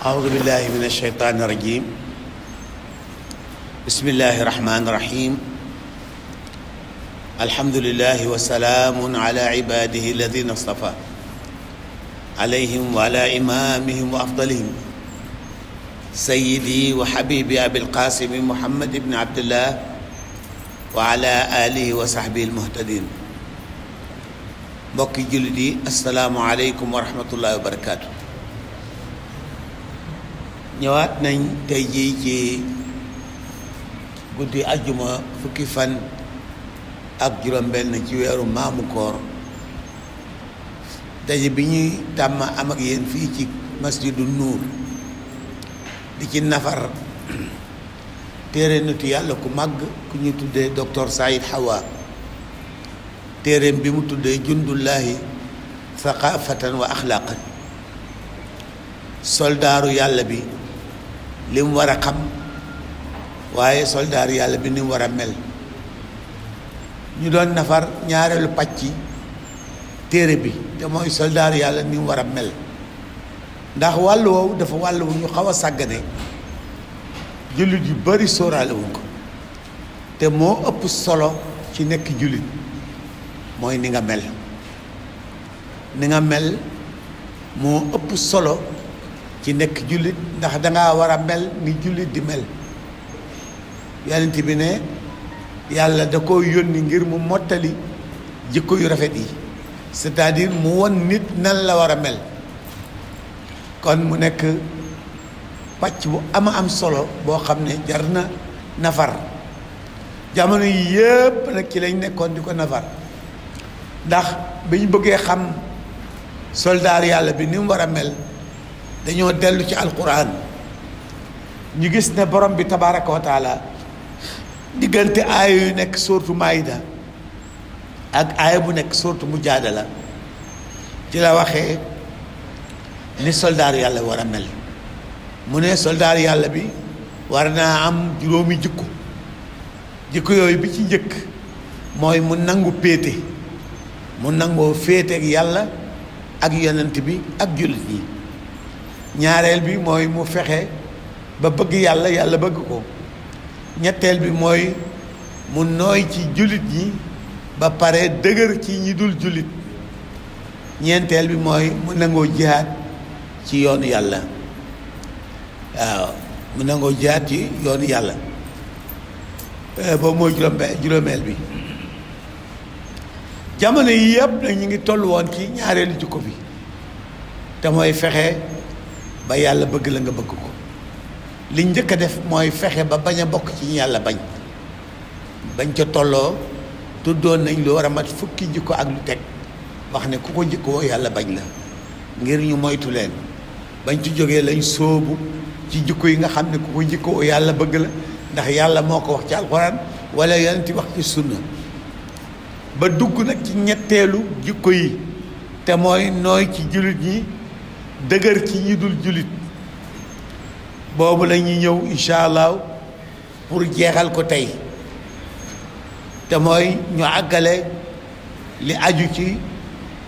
أعوذ بالله من الشيطان الرجيم بسم الله الرحمن الرحيم الحمد لله وسلام على عباده الذين اصطفى عليهم وعلى إمامهم وأفضلهم سيدي وحبيبي أبي القاسم محمد بن عبد الله وعلى آله وصحبه المهتدين mbokki jullit yi asalaamaaleykum wa rahmatullahi wa barakaatu. ñëwaat nañ tey jii ci guddi ajjuma fukki fan ak juróom-benn ci weeru maamu koor daje bi ñuy tàmm am ak fii ci masjidu nuur di ci nafar téere nitu yàlla ku màgg ku ñu tuddee docteur Saïd Hawa téereem bi mu tuddee jundullahi thaqafatan wa axlaqan soldaaru yàlla bi li war a xam waaye soldaar yàlla bi ni war a mel ñu doon nafar ñaareelu pàcc téere bi te mooy soldaar yàlla ni war a mel ndax wàll woowu dafa wàll wu ñu xaw a sàggane jullit yu bari sóoraale ko te moo ëpp solo ci nekk jullit mooy ni nga mel ni nga mel moo ëpp solo ci nekk jullit ndax danga war a mel ni jullit di mel yonent bi ne yàlla da ko yónni ngir mu mottali jikko yu rafet yi c'est-à-dire mu won nit nan la war a mel kon mu nekk pàcc bu ama am solo boo xam ne jar na nafar jamono yi yëpp nag ci lañ nekkoon di ko nafar ndax bi ñu bëggee xam soldaar yàlla bi ni mu war a mel dañoo dellu ci alquran ñu gis ne borom bi tabaraka wa diggante aaya yu nekk sóortu maayida ak aaya bu nekk sóortu mujaadala ci la waxe ni soldaar yàlla war a mel mu ne soldaar yàlla bi war naa am juróomi jikko jikko yooyu bi ci njëkk mooy mu nangu péete mu nangoo féete ak yàlla ak yonent bi ak jullit yi ñaareel bi mooy mu fexe ba bëgg yàlla yàlla bëgg ko ñetteel bi mooy mu nooy ci jullit ñi ba pare dëgër ci ñi dul jullit ñeenteel bi mooy mu nangoo jihaat ci yoonu yàlla waaw mu nangoo jihaat ci yoonu yàlla euh, boobu mooy juróom juróomeel bi jamono yi yëpp ñu ngi tollu woon ci ñaareelu jikko bi te mooy fexe ba yàlla bëgg la nga bëgg ko li njëkk a def mooy fexe ba bañ a bokk ci ñu yàlla bañ bañ ca tolloo tuddoon nañ lu war a mat fukki jikko ak lu teg wax ne ku ko jikkoo yàlla bañ la ngir ñu moytu leen bañ ci jógee lañ ci jikko yi nga xam ne ko jikkoo yàlla bëgg la ndax yàlla moo ko wax ci alxuraan wala yonent wax ci sunna ba dugg nag ci ñetteelu jikko yi te mooy nooy ci jullit ñi dëgër ci ñi dul jullit boobu la ñuy ñëw incha allah pour jeexal ko tey te mooy ñu àggale li aju ci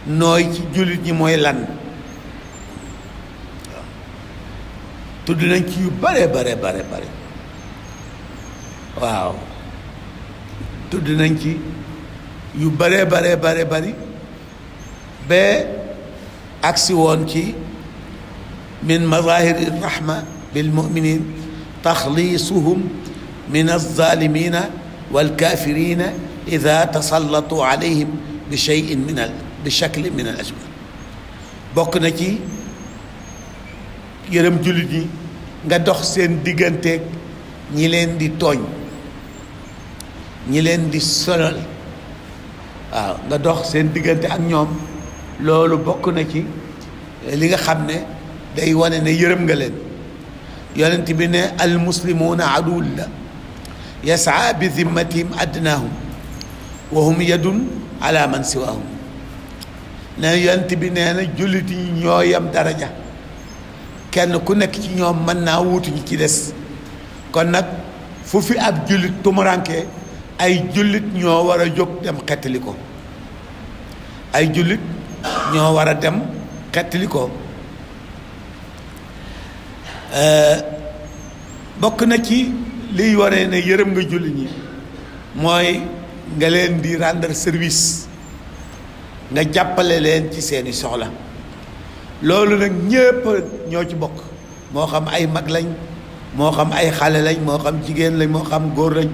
nooy ci jullit ñi mooy lan tudd nañ ci yu bare bare bare bare waaw nañ ci yu bare bare bare bari ba agsi woon ci من مظاهر الرحمة بالمؤمنين تخليصهم من الظالمين والكافرين إذا تسلطوا عليهم بشيء من ال... بشكل من الأشباه bokk na ci yërëm jullit ñi nga dox seen digganteeg ñi leen di tooñ ñi leen di sonal waaw nga dox seen diggante ak ñoom loolu bokk na ci li nga xam ne day wane na yërëm nga leen yonent bi ne almuslimuuna aduwullah yasaa bi zimmatihim adnaahum wa hum yadun ala man siwaahum ne yonent bi nee na jullit yi ñoo yam daraja kenn ku nekk ci ñoom mën naa wuutu ñi ci des kon nag fu fi ab jullit tumuranke ay jullit ñoo war a jóg dem xettali ko ay jullit ñoo war a dem xettali ko Euh, bokk na ci liy waree ne yërëm nga julli ñi mooy nga leen di rendre service nga jàppale leen ci seeni soxla loolu nag ñépp ñoo ci bokk moo xam ay mag lañ moo xam ay xale lañ moo xam jigéen lañ moo xam góor lañ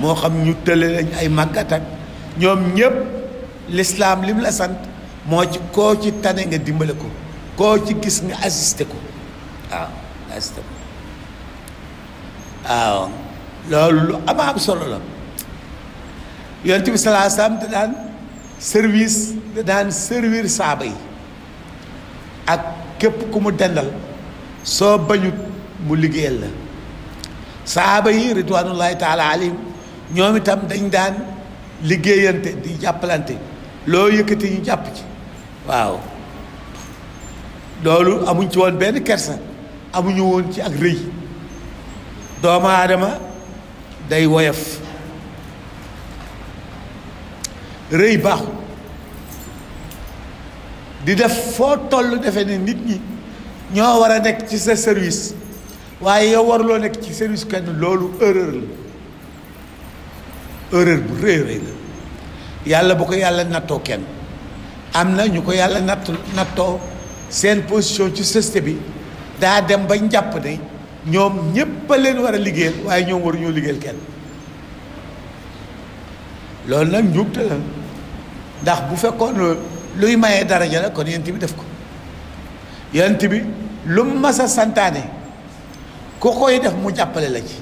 moo xam ñu tële lañ ay màggat ak ñoom ñépp lislaam lim la sant moo ci koo ci tane nga dimbale ko koo ci gis nga assisté ko waaw astma waaw loolu lu am am solo la yonent bi salaa salaam da daan service da daan servir saaba yi ak képp ku mu dendal soo bañut mu liggéeyal la saaba yi ridwanullahi taala alayhim ñoom itam dañ daan liggéeyante di jàppalante loo yëkkati ñu jàpp ci waaw loolu amuñ ci woon benn kersa amuñu woon ci ak rëy doomu aadama day woyof rëy baaxul di def foo toll defe ne nit ñi ñoo war a nekk ci sa service waaye yow waruloo nekk ci service kenn loolu erreur la bu rëy rëy la yàlla bu ko yàlla nattoo kenn am na ñu ko yàlla nattoo seen position ci sëste bi daa dem bañ jàpp ne ñoom ñépp a war a liggéeyal waaye ñoom waruñoo liggéeyal kenn loolu nag njuumte ndax bu fekkoon luy mayee daraja la kon yent bi def ko yent bi lu mu a santaane ku koy def mu jàppale la ci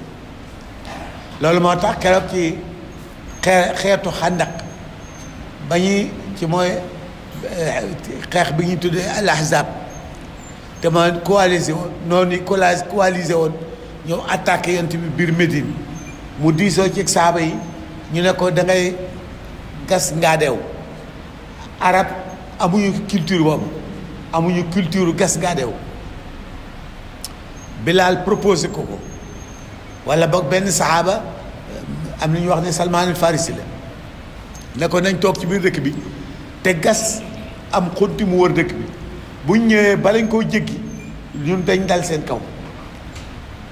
loolu moo tax keroog ci xeetu xàndaq ba ñuy ci mooy eh, xeex bi ñuy tuddee al dama coalisé woon noonu coalisé woon ñëw attaque yonent bi biir Médine mu diisoo ci saaba yi ñu ne ko da gas ngaadeew arab amuñu culture boobu amuñu culture gas ngaadeew Bilal proposé ko ko wala boog benn saxaaba am na ñu wax ne Salman al Farisi la ne ko nañ toog ci biir dëkk bi te gas am xunti mu dëkk bi buñ ñëwee balañ koo jéggi ñun dañ dal seen kaw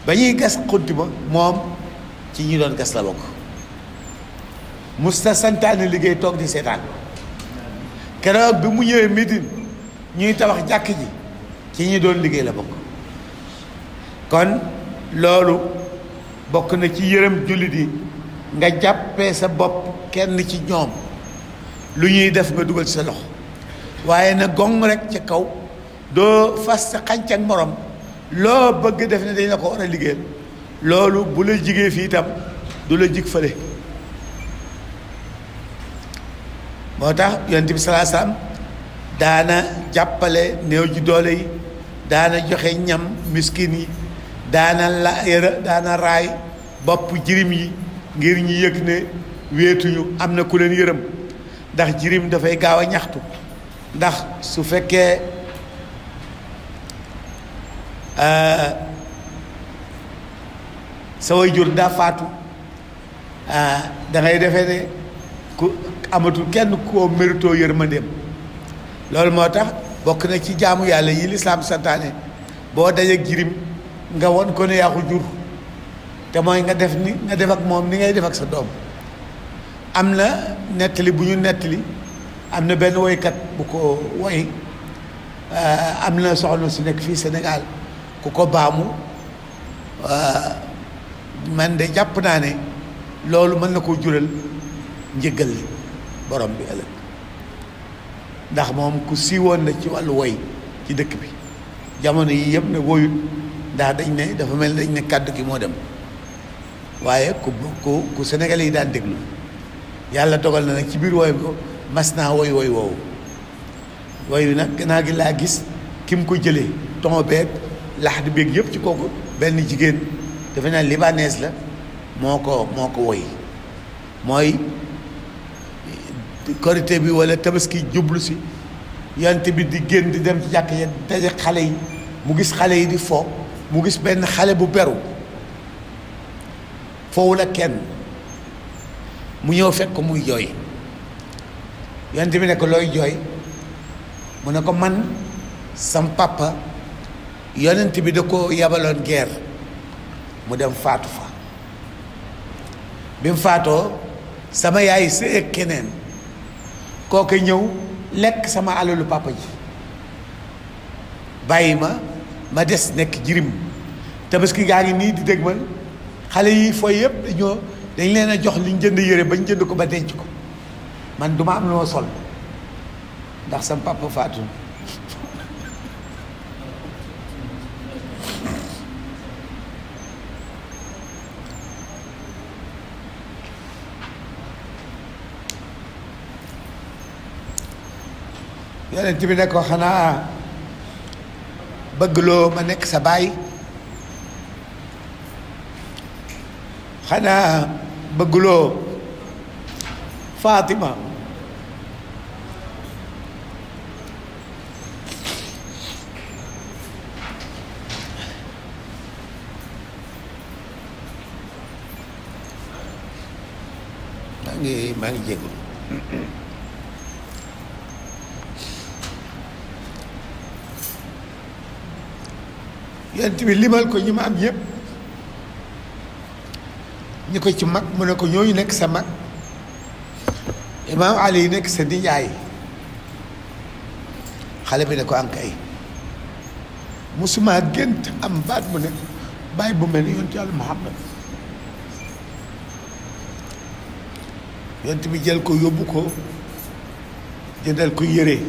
ba ñuy gas xunti ba moom ci ñu doon gas la bokk sa santaane liggéey toog di seetaan keroog bi mu ñëwee Médine ñuy tabax jàkk ji ci ñi doon liggéey la bokk kon loolu bokk na ci yërëm jullit yi nga jàppee sa bopp kenn ci ñoom lu ñuy def ma dugal ci sa loxo waaye na gong rek ca kaw doo fas xànc moroom loo bëgg def ne dañ ko war a liggéeyal loolu bu la jigee fii itam du la jig fële moo tax yonent bi salaa daana jàppale néew ji doole yi daana joxe ñam miskin yi daana la daana raay bopp jirim yi ngir ñi yëg ne wéetuñu am na ku leen yërëm ndax jirim dafay gaaw a ñaxtu ndax su fekkee Euh, sa way jur daa faatu euh, da ngay defee ne ku amatul kenn koo méritoo yërmandeem loolu moo tax bokk na ci jaamu yàlla yi lislaam santaane boo dajeek jirim nga won ko yàqu jur te mooy nga def ni nga def ak moom ni ngay def ak sa doom am na nettali bu ñu nettali am na benn woykat bu ko woy euh, am na soxna si nekk fii Sénégal ku ko baamu euh, man de jàpp naa ne loolu mën na koo jural njëgal borom bi ëllëg ndax moom ku siiwoon na ci wàllu woy ci dëkk bi jamono yi yëpp ne woyut ndax dañ ne dafa mel dañ ne kàddu ki moo dem waaye ku ku ku yi daan déglu yàlla dogal na nag ci biir woy mas naa woy woy woowu woy nag gannaaw gi laa gis ki mu ko jëlee ton beeg laxdi beeg yëpp ci kooku benn jigéen defe naa libanaise la moo ko moo ko woy mooy korité bi wala tabaski jublu si yant bi di génn di dem ci jàkk ya daje xale yi mu gis xale yi di fo mu gis benn xale bu beru foowu la kenn mu ñëw fekk ko muy jooy yant bi ne ko looy jooy mu ne ko man sam yonent bi da ko yabaloon guerre mu dem faatu fa bi mu faatoo sama yaay sëy keneen kooka ñëw lekk sama alalu papa ji bàyyi ma ma des nekk jirim tabaski gaa yi nii di dégg man xale yi fooy yëpp dañoo dañ leen a jox liñ jënd yére bañ jënd ko ba denc ko man duma am lu ma sol ndax sama papa faatu yonent bi ne ko xanaa bëggloo ma nekk sa baay xanaa bëggloo Fatima maa ngi maa ngi jégalu yonent bi limal ko ñi ma am yépp ñi ko ci mag mu ne ko ñooñu nekk sa mag imaam ali nekk sa nijaay xale bi ne ko ankay musuma gént am baat mu ne bàyyi bu mel ni yonent yàlla muhammad yonent bi jël ko yóbbu ko jëndal ko yére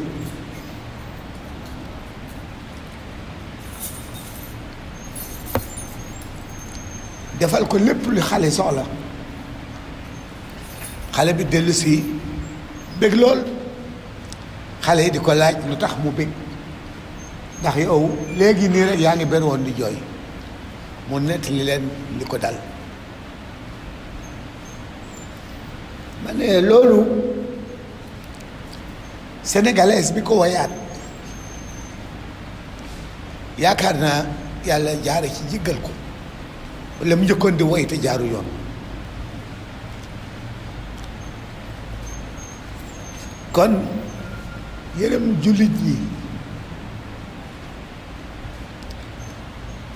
defal ko lépp lu xale soxla xale bi dellusi bég lool xale yi di ko laaj lu tax mu bég ndax yow léegi nii rek yaa ngi bariwoon di jooy mu nettali leen li ko dal ma ne loolu sénégalaise bi ko wayaat yaakaar naa yàlla jaare ci jéggal ko la mu njëkkoon di woy te jaaru yoon kon yërëm jullit yi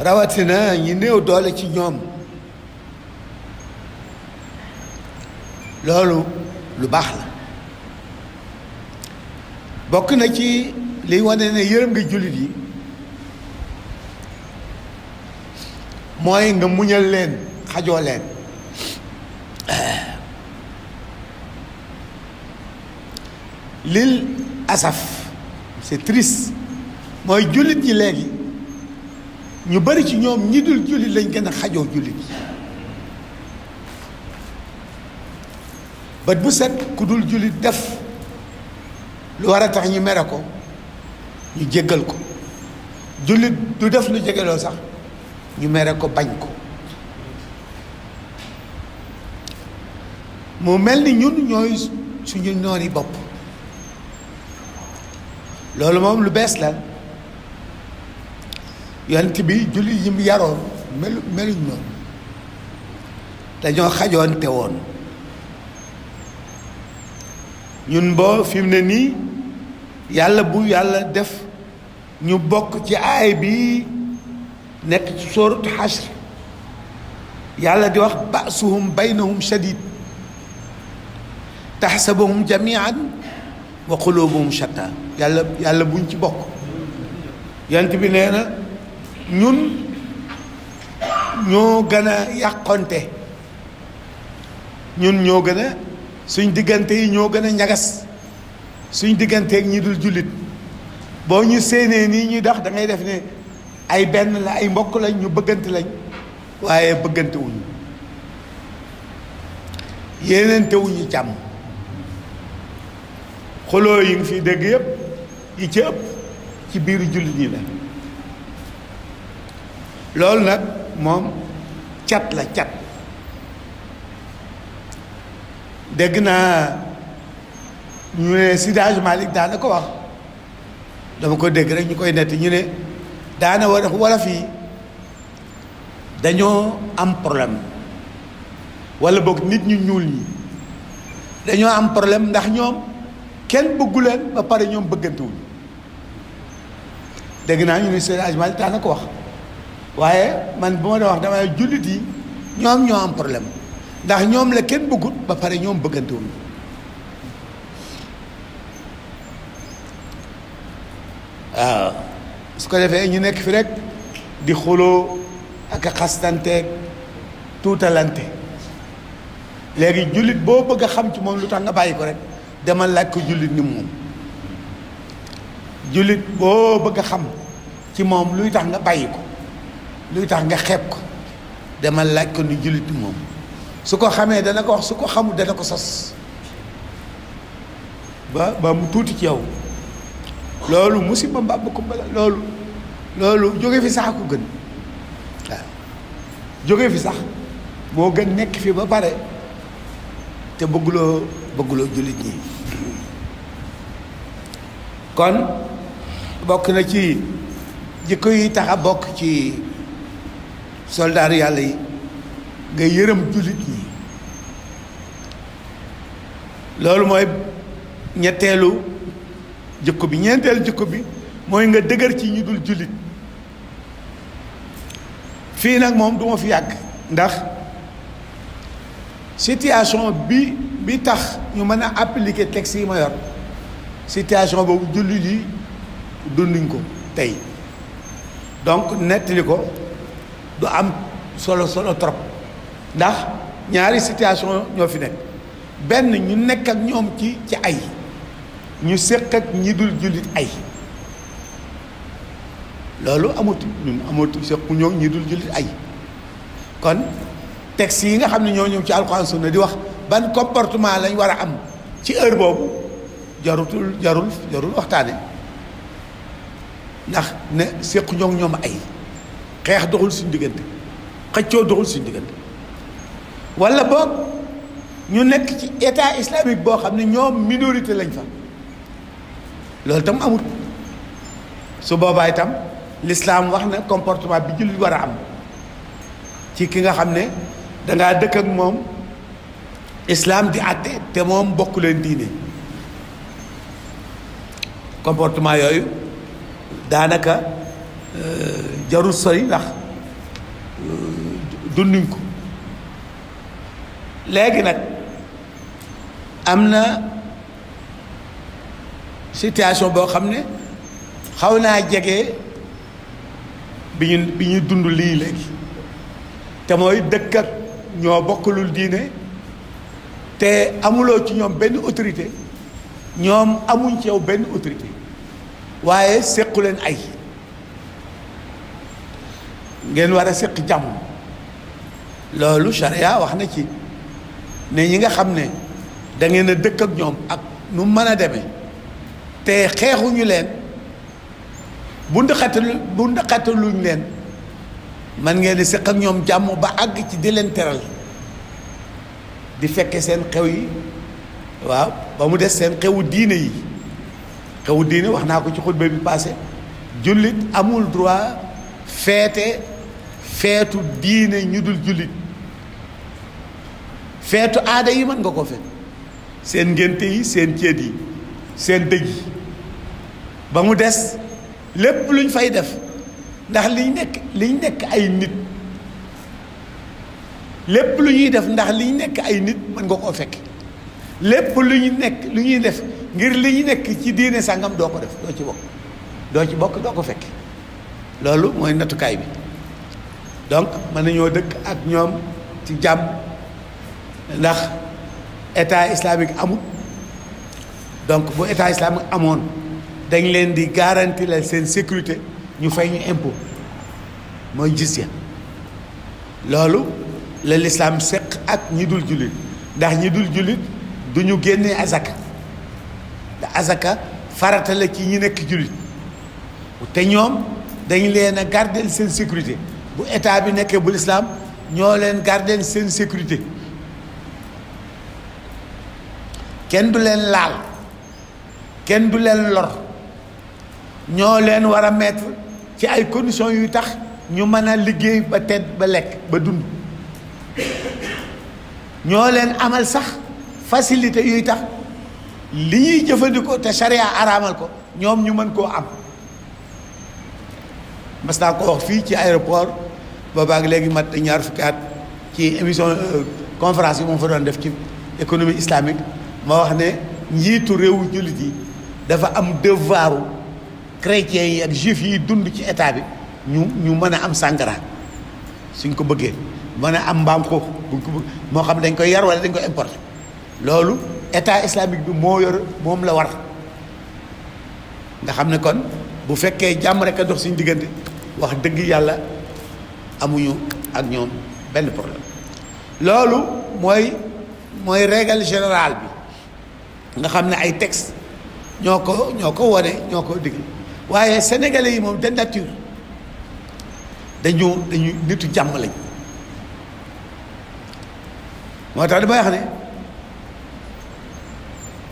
rawatina ñi néew doole ci ñoom loolu lu baax la bokk na ci liy wane na yërëm nga jullit yi mooy nga muñal leen xajoo leen lil asaf c'est triste mooy jullit yi léegi ñu bari ci ñoom ñi dul jullit lañ gën a xajoo jullit yi bët bu set ku dul jullit def lu war a tax ñu mere ko ñu jéggal ko jullit du def lu jegeloo sax ñu mere ko bañ ko mu mel ni ñun ñooy suñu nooni bopp loolu moom lu bees la yonent bi jullit yi mu yaroon melu meluñ noonu dañoo xajoon te woon ñun boo fi mu ne nii yàlla bu yàlla def ñu bokk ci aay bi nekk ci sóoratu xasr yàlla di wax basuhum baynahum shadid taxsabuhum jamian wa qulubuhum shatta yàlla yàlla buñ ci bokk yant bi nee na ñun ñoo gën a yàqonte ñun ñoo gën a suñ diggante yi ñoo gën a ñagas suñ digganteeg ñi dul jullit boo ñu séenee nii ñuy dox dangay def ne ay benn la ay mbokk lañ ñu bëggante lañ waaye bëggante wuñu càmm wuñu xoloo yi nga fiy dégg yëpp yi ci ëpp ci biiru jullit yi la loolu nag moom cat la cat dégg naa ñu ne Seydi Hadji Malick daana ko wax dama ko dégg rek ñu koy nett ñu ne daana war wolof yi dañoo am problème wala boog nit ñu ñuul ñi dañoo am problème ndax ñoom kenn bëggu leen ba pare ñoom bëggantewuñu dégg naa ñu ne seen agement yi ko wax waaye man bu ma doon wax damay jullit yi ñoom ñoo am problème ndax ñoom la kenn bëggut ba pare ñoom bëggantewuñu waaw ah. su ko defee ñu nekk fi rek di xuloo ak a tuutalante léegi jullit boo bëgg xam ci moom lu tax bàyyi ko rek demal laaj ko jullit ni boo bëgg a xam ci moom luy tax nga bàyyi ko luy tax nga xeeb ko demal laaj ko ni jullit moom su ko xamee dana ko wax su ko xamul dana ko sos ba ba mu tuuti ci yow loolu musiba mbàbb kumba la loolu loolu jóge fi sax ko gën waaw jóge fi sax moo gën nekk fii ba pare te bëgguloo bëgguloo jullit ñi kon bokk na ci jikko yi tax a bokk ci soldaar yàlla yi nga yërëm jullit ñi loolu mooy ñetteelu jikko bi ñeenteel jikko bi mooy nga dëgër ci ñi dul jullit fii nag moom duma fi yàgg ndax situation bi bi tax ñu mën a appliquer texte yi ma yor situation boobu jullit yi dunduñ ko tey donc nettali ko du am solo solo trop ndax ñaari situation ñoo fi nekk benn ñu nekk ak ñoom ci ci ay ñu séq ak ñi dul jullit ay loolu amatu ñun amatu séqu ñoo ñi dul jullit ay kon texte yi nga xam ne ñoo ñëw ci alxuraan sunna di wax ban comportement lañ war a am ci heure boobu jarutul jarul jarul waxtaane ndax ne séqu ñoo ñoom ay xeex doxul suñu diggante xëccoo doxul suñu diggante wala boog ñu nekk ci état islamique boo xam ne ñoom minorité lañ fa loolu itam amut su boobaa itam lislaam wax na comportement bi jullit war a am ci ki nga xam ne dangaa dëkk ak moom islaam di àtte te moom bokk leen diine comportement yooyu daanaka euh, jarul soy ndax euh, dunduñ ko léegi nag am na situation boo xam ne xaw naa jege bi ñu bi ñu dund lii léegi te mooy dëkk ak ñoo bokkulul diine te amuloo ci ñoom benn autorité ñoom amuñ ci yow benn autorité waaye séqu leen ay ngeen war a séq jàmm loolu charia wax na ci ne ñi nga xam ne da ngeen a dëkk ak ñoom ak nu mën a deme te xeexuñu leen bund xatal bund xataluñ leen man ngeen di seq ak ñoom jàmm ba àgg ci di leen teral di fekke seen xew yi waaw ba mu des seen xewu diine yi xewu diine wax naa ko ci xutba bi passé jullit amul droit feete feetu diine ñu dul jullit feetu aada yi mën nga ko fet seen ngénte yi seen céet yi seen dëj yi ba mu des lépp luñ fay def ndax liñ nekk liñ nekk ay nit lépp lu ñuy def ndax liñ nekk ay nit mën nga koo fekk lépp lu ñu nekk lu ñuy def ngir li ñu nekk ci diine sàngam doo ko def doo ci bokk doo ci bokk doo ko fekk loolu mooy nattukaay bi donc mën nañoo dëkk ak ñoom ci jàmm ndax état islamique amul donc bu état islamique amoon dañ leen di garantir la seen sécurité ñu fay ñu impôt mooy jizya loolu la lislaam seq ak ñi dul jullit ndax ñi dul jullit du ñu génnee azaka te azaka farata la ci ñi nekk jullit te ñoom dañ leen a gardel seen sécurité bu état bi nekkee bu lislaam ñoo leen gardel seen sécurité kenn du leen laal kenn du leen lor ñoo leen war a ci ay conditions yuy tax ñu mën a liggéey ba tedd ba lekk ba dund ñoo leen amal sax facilité yuy tax li ñuy jëfandikoo te charia araamal ko ñoom ñu mën koo am mas koo ko wax fii ci aéroport boobaag léegi mat ñaar fukki at ci émission euh, conférence yi moom fa doon def ci économie islamique ma wax ne njiitu réewu jullit yi dafa am devoiru chrétiens yi ak juifs yi dund ci état bi ñu ñu mën a am sàngara suñ ko bëggee mën a am mbaam ko buñ bëgg moo xam dañ koy yar wala dañ koy importer loolu état islamique bi moo yor moom la war nga xam ne kon bu fekkee jàmm rek a dox suñ diggante wax dëgg yàlla amuñu ak ñoom benn problème loolu mooy mooy règle général bi nga xam ne ay text ñoo ko ñoo ko wone ñoo ko digle waaye sénégalais yi moom de nature dañu dañu nitu jàmm lañ moo tax damay wax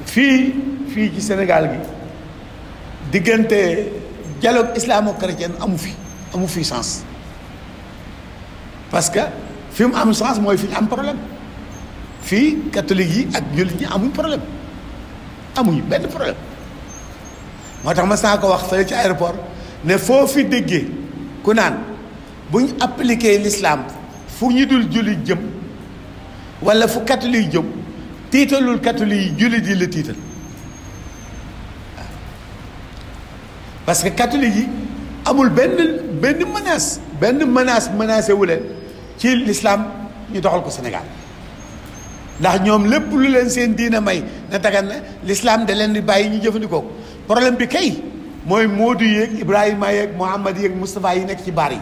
fii fii ci Sénégal gi diggante dialogue islamo-chrétien amu fi amu fi sens parce que fi mu am sens mooy fi am problème fii catholique yi ak jullit ñi amuñ problème amuñu benn problème moo tax ma saa ko wax fële ci aéroport ne foo fi déggee ku naan buñ appliqué lislaam fu ñu dul jullit jëm wala fu catholique jëm tiitalul catholique yi jullit yi la tiital waaw parce que catholique yi amul benn benn menace benn menace menacé wu leen ci lislaam ñu doxal ko Sénégal ndax ñoom lépp lu leen seen diina may na tagan na lislaam de leen di bàyyi ñu jëfandikoo problème bi kay mooy Modou yeeg Ibrahima yeeg Mouhamad yeeg Moustapha yi nekk ci baar yi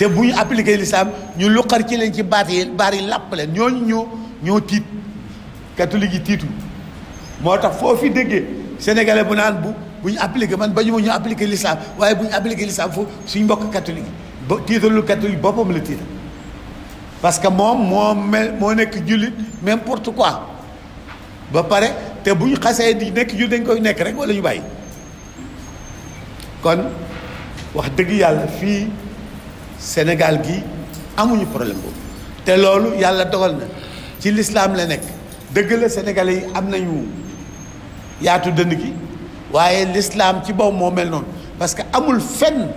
te bu ñu appliqué l'islam ñu luqar ci leen ci baat yi baar yi làpp leen ñooñu ñoo ñoo tiit catholique yi tiitu moo tax foo fi déggee sénégalais bu naan bu bu ñu appliqué man ba ñu ma ñu appliqué l'islam waaye bu ñu appliqué l'islam foofu suñ mbokk catholique yi ba tiitalul catholique boppam la tiital parce que moom moo mel moo nekk jullit n'importe quoi ba pare te bu ñu xasee di nekk jul dañ koy nekk rek wala ñu bàyyi kon wax dëgg yàlla fii Sénégal gi amuñu problème boobu te loolu yàlla dogal na ci lislaam la nekk dëgg la sénégalais yi am nañu yaatu dënn gi waaye lislaam ci boobu moo mel noonu parce que amul fenn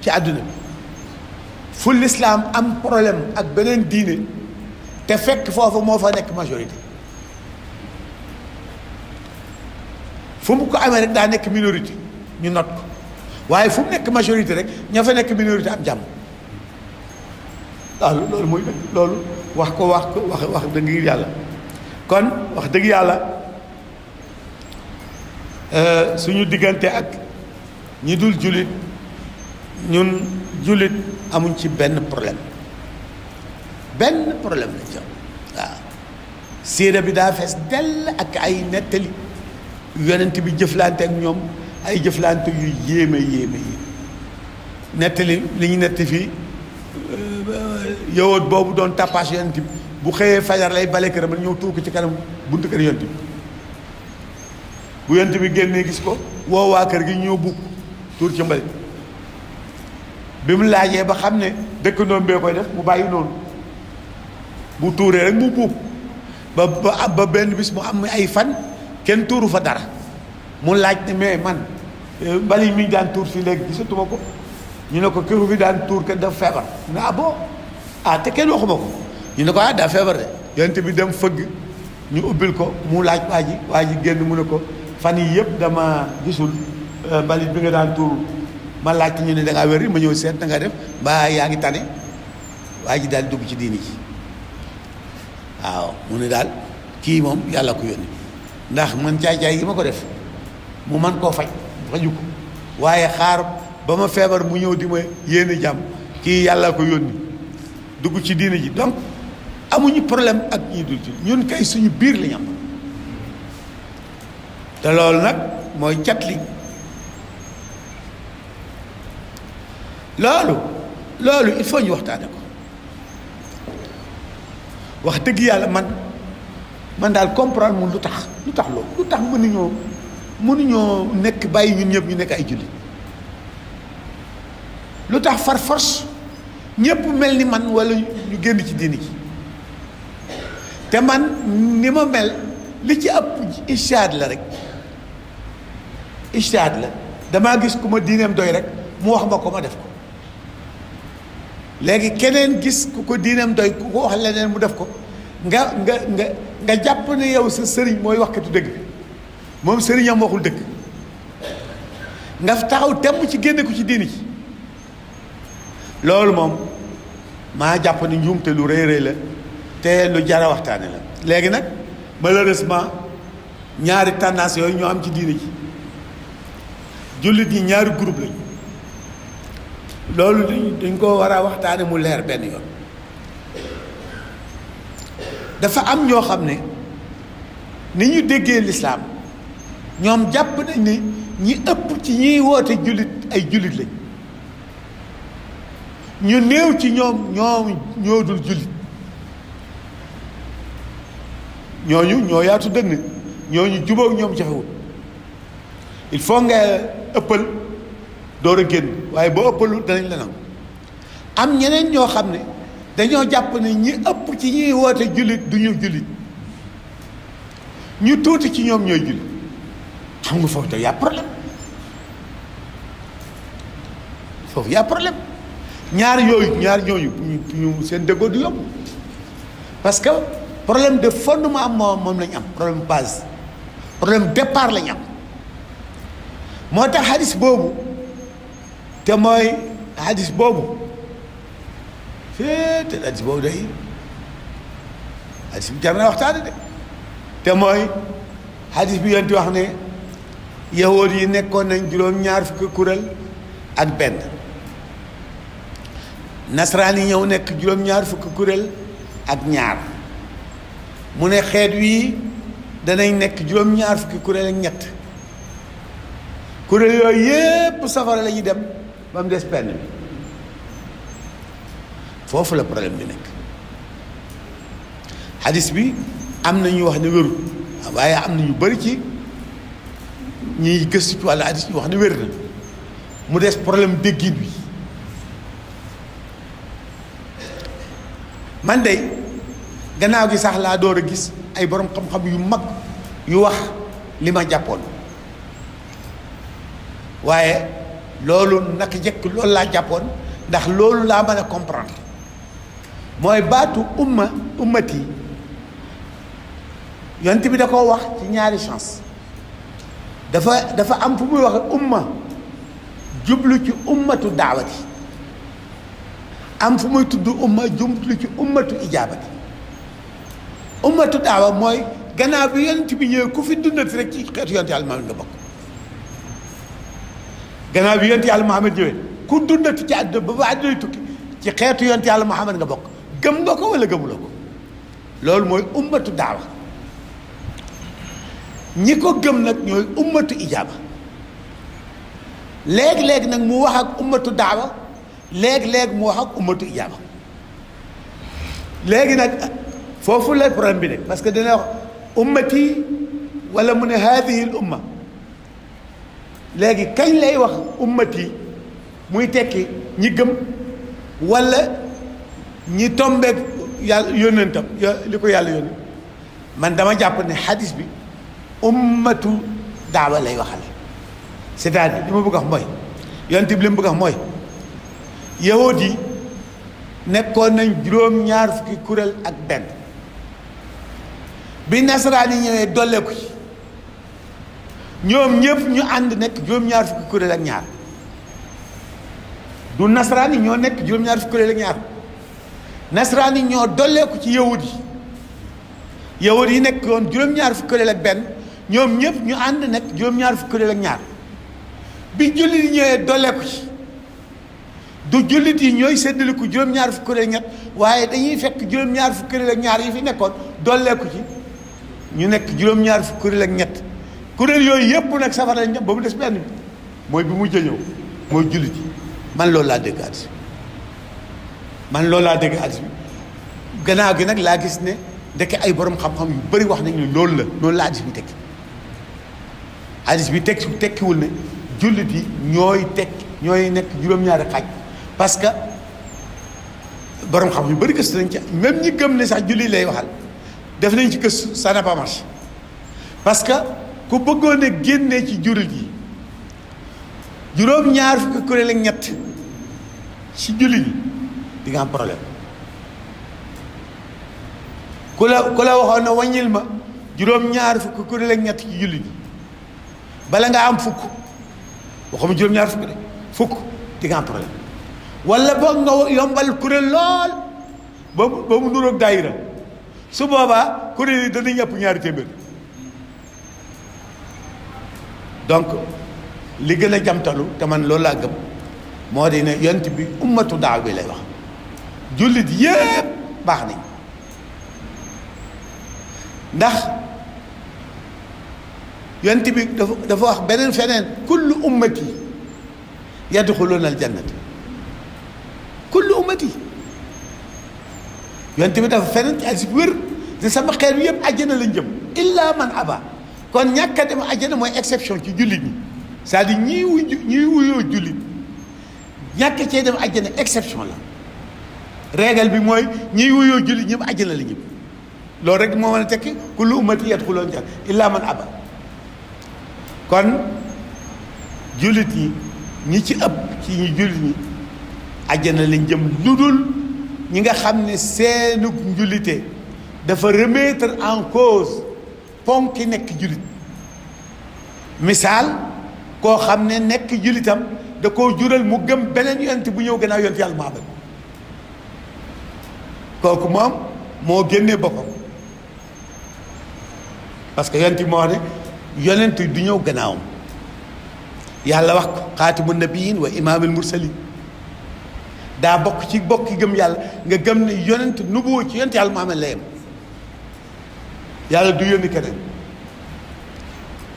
ci àdduna bi fu lislaam am problème ak beneen diine te fekk foofu moo fa nekk majorité fu mu ko amee rek daa nekk minorité ñu not ko waaye fu mu nekk majorité rek ña fa nekk minorité am jàmm waaw loolu mooy dëgg loolu wax ko wax ko wax wax dëgg yàlla kon wax dëgg yàlla euh, suñu diggante ak ñi dul julit ñun jullit amuñ ci benn problème benn problème lañ ci am bi daa fees dell ak ay nettali yonent bi jëflante ak ñoom ay jëflante yu yéeme yéeme yi nettali li ñu nett fii euh, yowoot boobu doon tapage yonent bi bu xëyee fajar lay bale këram ñëw tuur ko ci kanam buntu kër yonent bi bu yonent bi génnee gis ko woo waa kër gi ñëw bugg tuur ci mbalit bi mu laajee ba xam ne dëkk ndoom bee koy def mu bàyyi noonu bu tuuree rek mu buub ba ba benn bis mu am ay fan kenn tuuru fa dara mu laaj ne mais man euh, bali mi daan tuur fii léegi gisatuma ko ñu ne ko këru fi daan tuur kat dafa feebar mu ne ah, ah te kenn waxuma ko ñu ne ko ah feebar de yonent bi dem fëgg ñu ubbil ko mu laaj waa ji waa ji génn mu ne ko fan yi yëpp dama gisul mbalit euh, bi nga daan tuur ma laaj ñu ne da ngaa yi ma ñëw seet na nga def mbaa yaa ngi tane waa ji daal dugg ci diini ji waaw mu ne daal kii moom yàlla ko yónni ndax man caay-caay ma ko def mu man koo faj faju ko waaye xaar ba ma feebar mu ñëw di ma yéene jàmm kii yàlla ko yónni dugg ci diina ji donc amuñu problème ak ñi dul ci ñun kay suñu biir la ñu am te loolu nag mooy cat li loolu loolu il faut ñu waxtaane ko wax dëgg yàlla man man daal comprendre mu lu tax lu tax loolu lu tax mënuñoo mënuñoo nekk bàyyi ñun ñëpp ñu nekk ay jullit lu tax far force ñëpp mel ni man walla ñu génn ci diini ji te man ni ma mel li ci ëpp istihaad la rek istihaad la damaa gis ku ma diineem doy rek mu wax ma ko ma def ko léegi keneen gis ku ko diineem doy ku ko wax leneen mu def ko nga nga nga nga jàpp ni yow sa sëriñ mooy wax waxkatu dëgg moom sëriñam waxul dëgg nga taxaw temm ci génne ko ci diini ci loolu moom maa jàpp ni njuumte lu rëy rëy la te lu jara waxtaane la léegi nag malheureusement ñaari tendance yooyu ñoo am ci diini ji jullit yi ñaari group lañu loolu dañ ko war a waxtaane mu leer benn yoon dafa am ñoo xam ne ni ñu déggee lislaam ñoom jàpp nañ ni ñi ëpp ci ñiy woote jullit ay jullit lañ ñu néew ci ñoom ñoom ñoo dul jullit ñooñu ñoo yaatu dëgg ñooñu jubóog ñoom jafewul il faut nga ëppal door a génn waaye boo ëppalul danañ la am ñeneen ñoo xam ne dañoo jàpp ne ñi ëpp ci ñiy woote jullit du ñu jullit ñu tuuti ci ñoom ñooy jullit xam nga foofu te y'a problème foofu y'a problème ñaar yooyu ñaar ñooyu ñu seen dëggoo du yomb parce que problème de fondement moom moom lañu am problème base problème départ lañu am moo tax xadis boobu te mooy xadis boobu fee te boobu day addis bi jar na waxtaane de te mooy hadis bi yonti wax ne yahood yi nekkoon nañ juróom-ñaar fukki kuréel ak benn nasaraan yi ñëw nekk juróom-ñaar fukki kuréel ak ñaar mu ne xeet wii danañ nekk juróom-ñaar fukki kuréel ak ñett kuréel yooyu yépp safara la dem ba mu des benn foofu la problème bi nekk xadis bi am na ñu wax ne wérul waaye am na ñu bari ci ñuy gëstu ci wàllu xadis ñu wax ne wér na mu des problème déggin bi man de gannaaw gi sax laa door a gis ay borom xam-xam yu mag yu wax li ma jàppoon waaye loolu naka jëkk loolu laa jàppoon ndax loolu laa mën a comprendre mooy baatu umma ummati yont bi da koo wax ci ñaari chance dafa dafa am fu muy wax umma jublu ci ummatu daawati am fu muy tudd umma jublu ci ummatu ijaabati ummatu daawa mooy gannaaw bi yont bi ñëwee ku fi dundati rek ci xeetu yonte yàlla Muhammad bi yonte yàlla Muhammad ñëwee ku dundati ci àdduna ba ci xeetu yonte yàlla Muhammad nga bokk gëm nga ko wala gëmuloo ko loolu mooy ummatu daawa ñi ko gëm nag ñooy ummatu ijaaba léeg léegi nag mu wax ak ummatu daawa léeg-léeg mu wax ak ummatu ijaaba léegi nag foofu lay problème bi nekk parce que dina wax ummati walla mu ne haadihi léegi kañ lay wax ummati muy tekki ñi gëm wala ñi tombeeg yàlla yónnentam li ko yàlla yónni man dama jàpp ne xadis bi ummatu daawa lay waxal c'est-à-dire li ma bëgg a wax mooy yonent bëgg a mooy yahuud yi nekkoon nañ juróom-ñaar fukki kuréel ak benn bi nasaraan yi ñëwee dolleeku ci ñëpp ñu ànd nekk juróom-ñaar fukki kuréel ak ñaar du nasaraan yi ñoo nekk juróom-ñaar fukki kuréel ak ñaar nasaraan yi ñoo dolleeku ci yawut yi yawut yi nekk woon juróom-ñaar fukkëréel ak benn ñoom ñëpp ñu ànd nekk juróom-ñaar fukkëréel ak ñaar bi jullit yi ñëwee dolleeku ci du jullit yi ñooy séddaliku juróom-ñaar fukkëréel ak ñett waaye dañuy fekk juróom-ñaar fukkëréel ak ñaar yi fi nekkoon dolleeku ci ñu nekk juróom-ñaar fukkëréel ak ñett kuréel yooyu yëpp nag safara ñëpp ba mu des benn bi mooy bi mu jëñëw mooy jullit yi man loolu laa déggaat man loolu laa dégg bi gannaaw gi nag laa gis ne ndeke ay borom xam-xam yu bari wax nañu ne loolu la loolu laa hadis bi teg hadis bi tekki tekkiwul ne jullit yi ñooy tekki ñooy nekk juróom-ñaari xaaj parce que borom xam yu bëri gëstu nañ ci même ñi gëm ne sax jullit lay waxal def nañ ci gëstu ça parce que ku bëggoon ne génne ci jullit yi juróom-ñaar fukki kuréel ak ñett si jullit yi di nga am problème ku la ku la waxoon na wàññil ma juróom-ñaar fukk ku la ñett ci julli gi bala nga am fukk waxuma juróom-ñaar fukk de fukk di nga am problème wala boog nga yombal kuréel lool ba mu ba daayira su boobaa kuréel yi danañ ëpp téeméer donc li gën a jamtalu te man loolu laa gëm moo de ne yont bi ummatu daaw bi lay wax jullit yépp baax nañ ndax yonent bi dafa dafa wax beneen feneen kullu ummati yadxuluuna aljannata kullu ummati yonent bi dafa feneen ci addis wér di sama xeer bi yëpp àjjana la jëm illa man aba kon ñàkk a dem àjjana mooy exception ci jullit ñi c'est-à-dire ñii wuy ñii wuyoo jullit ñàkk cee dem àjjana exception la régal bi mooy ñiy wuyoo jullit ñëpp àjjana la ñëpp loolu rek moo mën a tekki kullu ummati yadxuluun jan illaa man aba kon jullit yi ñi ci ëpp ci ñi jullit ñi àjjana lañ jëm lu dul ñi nga xam ne seenug njullite dafa remettre en cause ponk nekk jullit misaal koo xam ne nekk jullitam da koo jural mu gëm beneen yonent bu ñëw gannaaw yonent yàlla Muhammad kooku moom moo génnee boppam parce que yonent bi moo ne yonent du ñëw gannaawam yàlla wax ko xaatimu nabiyin wa imaamil mursalin daa bokk ci bokki gëm yàlla nga gëm ne yonent nubuwoo ci yonent yàlla Muhammad la yem yàlla du yónni keneen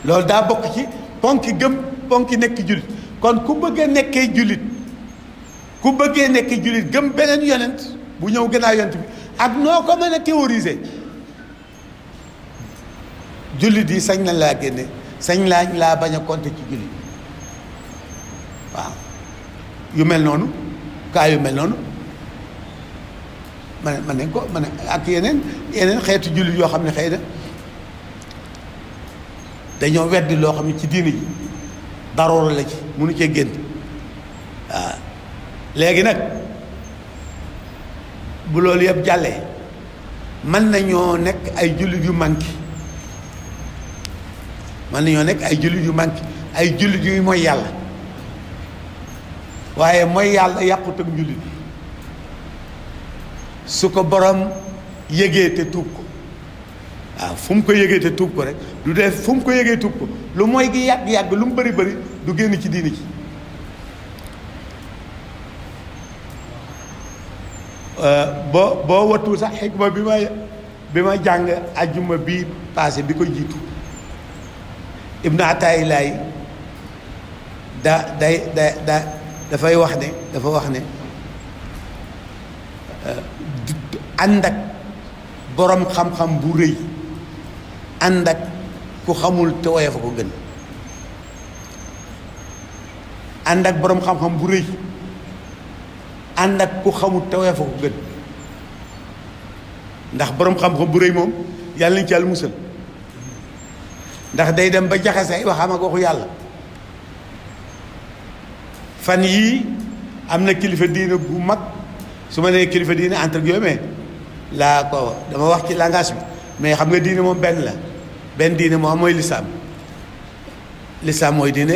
loolu daa bokk ci ponki gëm ponki nekk jullit kon ku bëggee nekkee jullit ku bëggee nekkee jullit gëm beneen yonent bu ñëw gannaaw yont bi ak noo ko mën a théoriser jullit yi sañ na laa génne sañ laa laa bañ a compter ci jullit waaw yu mel noonu kaa yu mel noonu man man nañ ko man ak yeneen yeneen xeetu jullit yoo xam ne xëy na dañoo weddi loo xam ne ci diini ji daroor la ci mënu cee génn waaw léegi nag bu loolu yëpp jàllee mën nañoo nekk ay jullit yu manqué mën nañoo nekk ay jullit yu manqué ay jullit yu mooy yàlla waaye mooy yàlla yàqut ak njullit su ko borom yëgee te tuub ko waaw fu mu ko yëgee te tuub ko rek du def fu mu ko yëgee tuub ko lu mooy gi yàgg-yàgg lu mu bari bari du génn ci diini ci Euh, boo boo wattuwul sax xikma bi ma bi ma jàng ajjuma bi paase bi ko jiitu ibnu atayi laay da day da da dafay wax ne dafa wax ne euh, ànd ak boroom xam-xam bu rëy ànd ak ku xamul te woyof a ko gën ànd ak boroom xam-xam bu rëy ànd ak ku xamut tawee fa ko gën ndax boroom xam-xam bu rëy moom yàlla nañ ci musal ndax day dem ba jaxase waxam ak waxu yàlla fan yii am na kilifa diine bu mag su ma nee kilifa diine entre guillemets laa ko dama wax ci langage bi mais xam nga diina moom benn la benn diine moom mooy lislaam lislaam mooy dina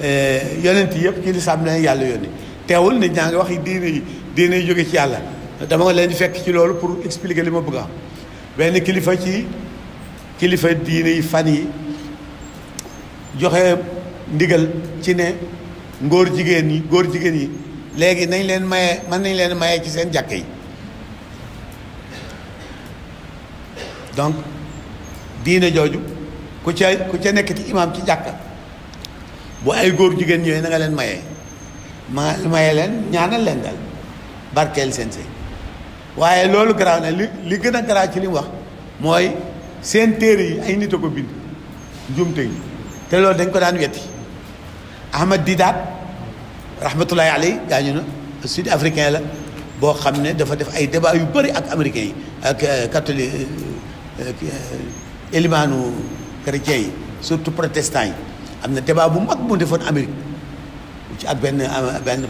eh, yonent yëpp ci lislaam la yàlla yónni teewul nit ñaa ngi wax diine yi diine yi jóge ci yàlla dama leen di fekk ci loolu pour expliquer li ma bëgg am benn kilifa ci kilifa diine yi fan yi joxe ndigal ci ne ngóor jigéen yi góor jigéen yi léegi nañ leen maye mën nañ leen maye ci seen jàkk yi donc diine jooju ku ca ku ca nekk ci imaam ci jàkk bu ay góor jigéen ñooyu na leen maye. ma maye leen ñaanal leen daal barkeel seen sëy waaye loolu garaaw na li li gën a garaaw ci li wax mooy seen téere yi ay nit a ko bind njuumte yi te loolu dañ ko daan wetti Ahmad Didat rahmatullahi alayhi gaañu na sud africain la boo xam ne dafa def ay débat yu bëri ak américains yi ak euh, catholique euh, euh, élimaanu chrétien yi surtout protestant yi am na débat bu mag bu defoon Amérique ci ak benn benn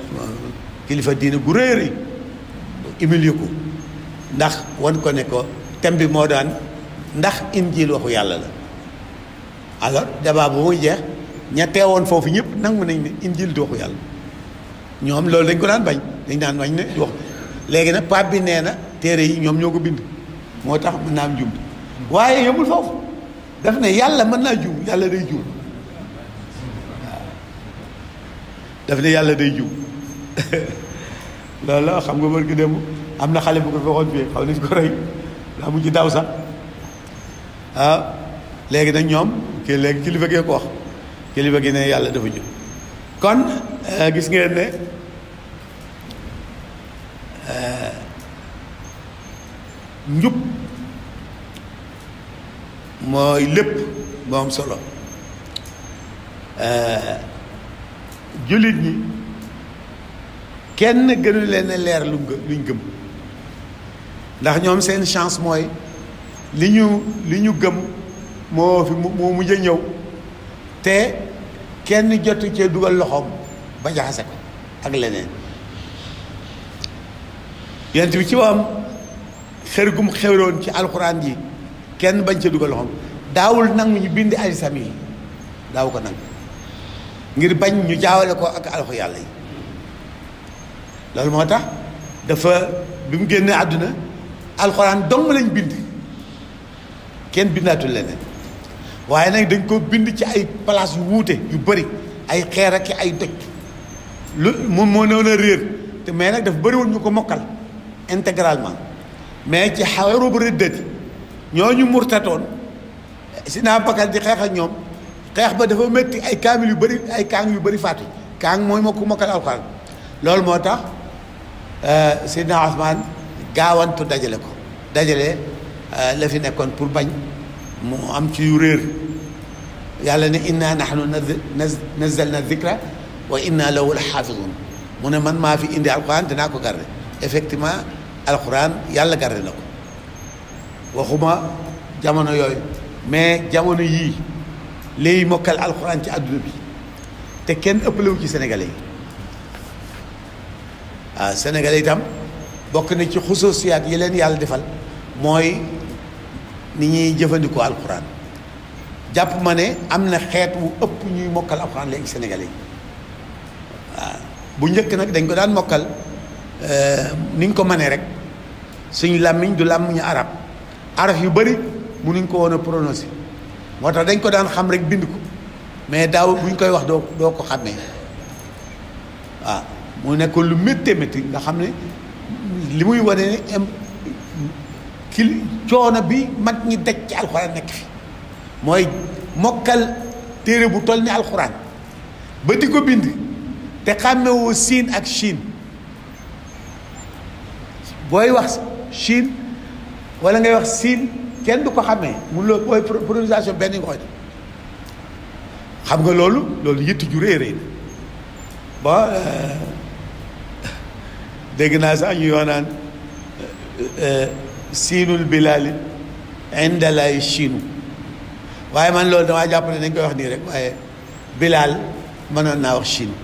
kilifa diine gu réeri ko ndax wan ko ne ko thème bi moo daan ndax injil waxu yàlla la alors débat bu muy jeex ña teewoon foofu ñëpp nangu nañ ne injil du waxu yàlla ñoom loolu dañ ko daan bañ dañ daan bañ ne du wax léegi nag pape bi nee na téere yi ñoom ñoo ko bind moo tax mën naa am jum waaye yëmul foofu daf ne yàlla mën naa jum yàlla day jum daf ne yàlla day jiw loolu xam nga barki démb am na xale bu ko fi waxoon fii ko rey daa mujj daw sax ah léegi nag ñoom kii léegi kilifa gee ko wax kilifa gi ne yàlla dafa jiw kon eh, gis ngeen ne eh, njub mooy lépp moom solo eh, jullit ñi kenn gënu leen a leer luñ gëm ndax ñoom seen chance mooy li ñu li ñu gëm moo fi moo mujj ñëw te kenn jotu cee dugal loxoom ba ko ak leneen yent bi ci wam xër gum xewroon ci alxuraan yi kenn bañ cee dugal loxoom daawul nangu ñu bind alisam yi daaw ko nangu ngir bañ ñu jaawale ko ak alxu yàlla yi loolu moo tax dafa bi mu génnee àdduna alxuraan dong lañ bind kenn bindaatul leneen waaye nag dañ ko bind ci ay place yu wuute yu bëri ay xeer ak ay doj lu moom moo newoon a réer te mais nag dafa bëriwoon ko mokkal integralement mais ci xaweru bu rëddati ñooñu murtatoon si naa bakkat di xeex ak ñoom xeex ba dafa metti ay kaamil yu bëri ay kaang yu bëri faatu kaang mooy ma ku mokkal alxuraan loolu moo tax euh, Seydina Ousmane gaawanto dajale ko dajale euh, la fi nekkoon pour bañ mu am ci yu yàlla ne inna nahnu nazzalna zikra wa inna lahu la xaafizun mu ne man maa fi indi alxuraan dinaa ko garde effectivement alxuraan yàlla garde na ko waxuma jamono yooyu mais jamono yii léegi mokkal alxuraan ci àdduna bi te kenn ëppalewu ci senegale yi waaw ah, sénégalais itam bokk na ci xususiyaat yi leen yàlla defal mooy ni ñuy jëfandikoo alxuraan jàpp ma ne am na xeet wu ëpp ñuy mokkal alxuraan léegi sénégalais yi waaw ah, bu njëkk nag dañ ko daan mokkal eh, ni ñu ko mënee rek suñ làmmiñ du làmmiñu arab araf yu bëri mënuñ ko woon a prononcé moo tax dañ ko daan xam rek bind ko mais daaw buñ koy wax doo doo ko xàmmee waaw mu nekkoon lu méttee métti nga xam ne li muy wane ne kil coono bi mat ñi daj ci alxuraan nekk fi mooy mokkal téere bu toll ni alxuraan ba di ko bind te xàmmewoo siin ak Chine booy wax Chine walla ngay wax siin kenn du ko xamee mun loo booy priorisation benn nga nga loolu loolu yitt ju réy réy bon dégg naa sax ñu yoonaan eh, eh, siinul bilaali waaye man loolu damaa jàppale nañ koy wax nii rek waaye bilaal mënoon naa wax chine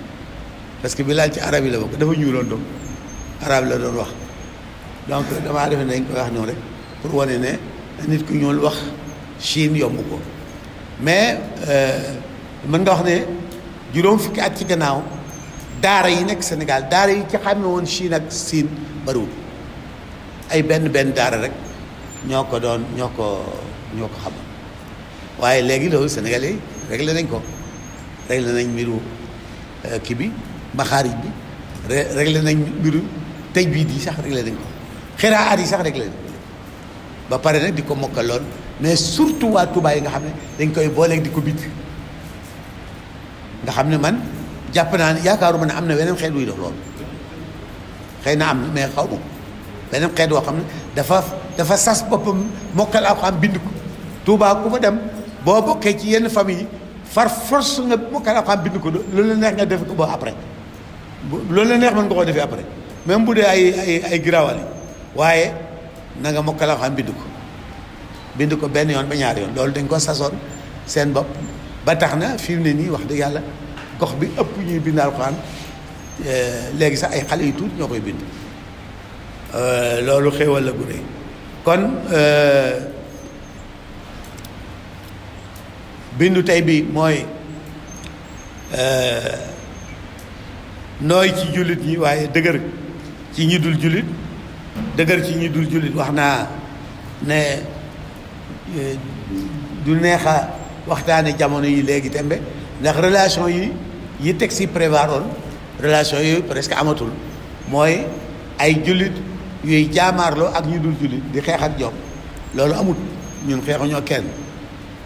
parce que bilaal ci arab yi la bokk dafa ñuuloon doom arab la doon wax donc damaa defe ne dañ koy wax noonu rek pour wane ne nit ki ñuul wax Chine yomb ko mais euh, mën nga wax ne juróom fukki at ci gannaaw daara yi nekk Sénégal daara yi ci xàmme woon Chine ak Siin bariwul ay benn benn daara rek ñoo ko doon ñoo ko ñoo ko xamal waaye léegi loolu Sénégalais yi réglé nañ ko réglé nañ mbiru euh, kii bi maxaarij bi réglé nañ mbiru tëj bii di sax réglé nañ ko xiraat yi sax réglé nañ ba pare rek di ko mokkaloon mais surtout waa Touba yi nga xam ne dañ koy booleeg di ko bind nga xam ne man jàpp naa ne yaakaaruma ne am na weneen xeet wuy dox loolu xëy na am na mais xaw ma beneen xeet woo xam ne dafa dafa sas boppam mokkal am bind ko Touba ku fa dem boo bokkee ci yenn famille far force nga mokkal alxuraan bind ko loolu la neex nga def ko ba après loolu la neex mën nga koo defee après même bu dee ay ay ay giraawal waaye. na nga mokkal alxuraan bind ko bind ko benn yoon ba ñaar yoon loolu dañ ko sasoon seen bopp ba tax na fi mu ne nii wax dëgg yàlla gox bi ëpp ñuy bind alxuraan eh, léegi sax ay xale yu tuut ñoo koy bind eh, loolu xéewal la bu kon eh, bindu tey bi mooy nooy ci jullit ñi waaye dëgër ci ñi dul jullit dëgër ci ñi dul jullit wax naa ne e, du neex a waxtaane jamono yi léegi tembe ndax relation yi yi teg si prévaroon relation yi presque amatul mooy ay jullit yuy jaamaarloo ak ñu dul jullit di xeex ak jom loolu amut ñun xeexuñoo kenn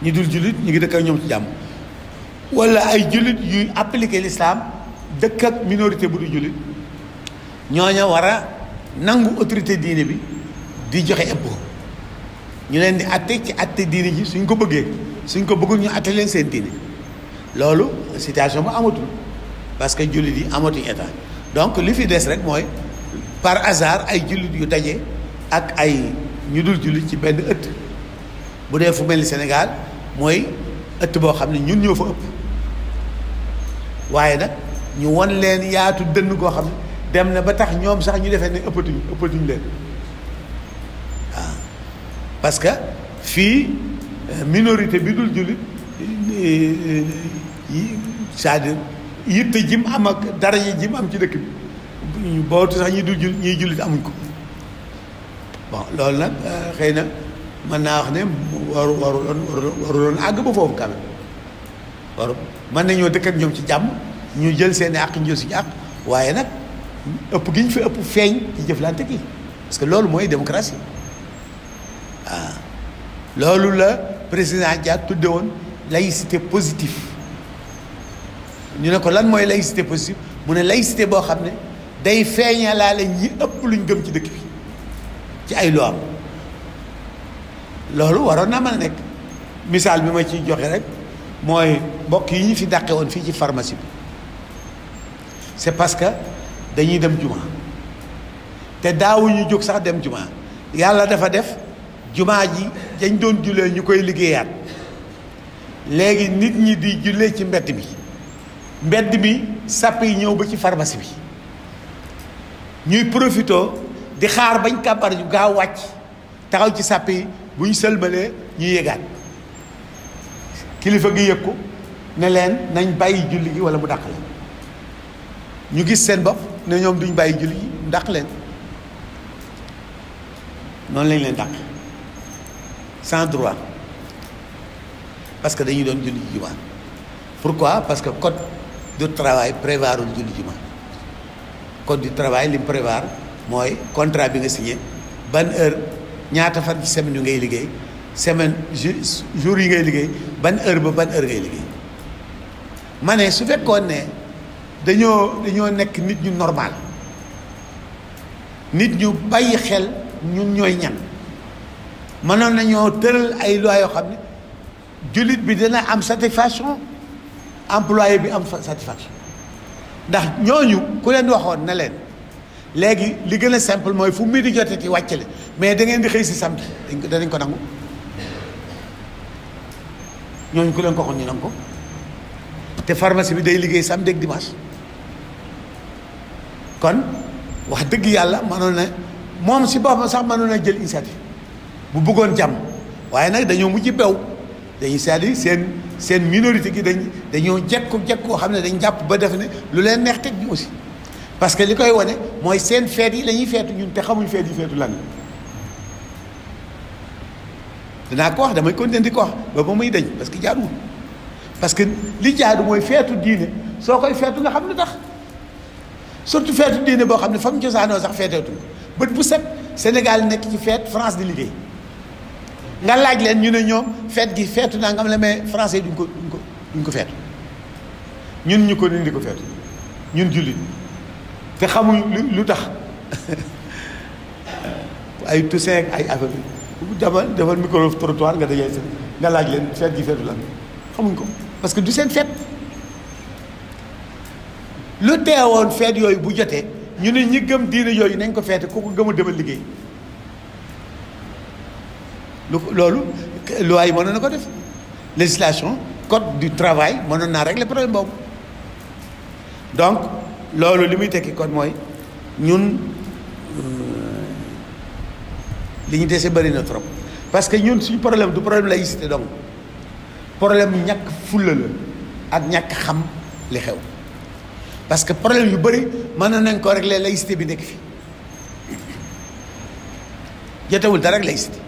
ñu dul jullit ñu ngi dëkk ak ñoom ci jàmm walla ay jullit yuy appliquer l'islam dëkk ak minorité bu du jullit ñooña war a nangu autorité diine bi di joxe impôt ñu leen di atte ci atte diine ji suñ ko bëggee suñ ko bëggul ñu atte leen seen diine loolu situation bu amatul parce que jullit yi amatuñ état donc li fi des rek mooy par hasard ay jullit yu daje ak ay ñu dul jullit ci benn ëtt bu dee fu mel ni Sénégal mooy ëtt boo xam ne ñun ñoo fa ëpp waaye nag ñu won leen yaatu dënn goo xam dem na ba tax ñoom sax ñu defee ne ëppatuñ ëppatuñ leen waaw ah. parce que fii euh, minorité bi dul jullit euh, euh, c'est-à-dire yitte jim am ak dara jim am ci dëkk bi bootu sax ñi dul jullit ñiy jullit amuñ ko bon loolu nag xëy na mën naa wax ne waru waru waru doon àgg ba foofu quand waru mën nañoo dëkk ñoom ci jàmm ñu jël seen i àq ñu jël waaye nag ëpp gi ñu fi ëpp feeñ ci jëflante gi parce que loolu mooy démocratie waaw ah. loolu la président jaar tudde woon laïcité positive ñu ne ko lan mooy laïcité positive mu ne laïcité boo xam ne day feeñalaale ñi ëpp luñ gëm ci dëkk bi ci ay loo am loolu waroon na man a nekk misaal bi ma ciy joxe rek mooy mbokk yi ñu fi daqe woon fii ci pharmacie bi c'est parce que dañuy dem juma te daawuñu jóg sax dem juma yàlla dafa def juma ji dañ doon jullee ñu koy liggéeyaat léegi nit ñi di jullee ci mbedd mi mbedd bi sàpp yi ñëw ba ci pharmacie bi ñuy profitoo di xaar bañ kàbbar yu gaaw wàcc taxaw ci sàpp yi bu ñu sëlmalee ñu yégaat kilifa gi yëg ko ne leen nañ bàyyi julli gi wala mu dàq la ñu gis seen bopp ne ñoom duñ bàyyi julli yi ndax leen noonu lañ leen dàq sans droit parce que dañuy doon julli juma pourquoi parce que code du travail prévoirul julli juma code du travail li mu mooy contrat bi nga signé ban heure ñaata fan ci semaine yu ngay liggéey semaine jours yi ngay liggéey ban heure ba ban heure ngay liggéey ma su fekkoon ne dañoo dañoo nekk nit ñu normal nit ñu bàyyi xel ñun ñooy ñan mënoon nañoo tëral ay loi yoo xam ne jullit bi dina am satisfaction employé bi am satisfaction ndax ñooñu ku leen waxoon na leen léegi li gën a simple mooy fu mu di jotee ci wàcc mais da ngeen di xëy si samedi danañ ko nangu ñooñu ku leen ko waxoon ñu nangu ko te pharmacie bi day liggéey samedi ak kon wax dëgg yàlla mënoon na moom si boppam sax mënoon na jël initiative bu bëggoon jàmm waaye nag dañoo mujj bew dañuy cest seen seen minorité gi dañ dañoo jekku jekku xam ne dañ jàpp ba def ne lu leen neex teg ñu aussi parce que li koy wone mooy seen feet yi lañuy feetu ñun te xamuñ feet yi feetu lan danaa ko wax damay continuer di ko wax ba ba muy dañ parce que jaaduwul parce jaadu mooy feetu diine soo koy feetu nga xam ne tax surtout feetu diine boo xam ne fa mu cosaanoo sax feeteetuñ bët bu set Sénégal nekk ci feet France di liggéey nga laaj leen ñu ne ñoom feet gi feetu naa nga am la mais français duñ ko duñ ko duñ ko feetu ñun ñu ko ni ko feetu ñun jullit te xamul lu tax ay Toussaint ay affaire bi defal defal micro trottoir nga dajee nga laaj leen feet gi feetu la xamuñ ko parce du seen feet lu teewoon feet yooyu bu jotee ñu ne ñi gëm diine yooyu nañ ko feete ku ko gëm liggéey lu loolu loi yi mënoon na ko def législation code du travail mënoon naa régler problème boobu donc loolu li muy tekki kon mooy ñun euh, li ñu dese bëri na trop parce que ñun suñu problème du problème laïcité donc problème ñàkk fulla la ak ñàkk xam li xew parce que problème yu bari mën nañ ko régler laïcité bi nekk fi jotewul dara ak laïcité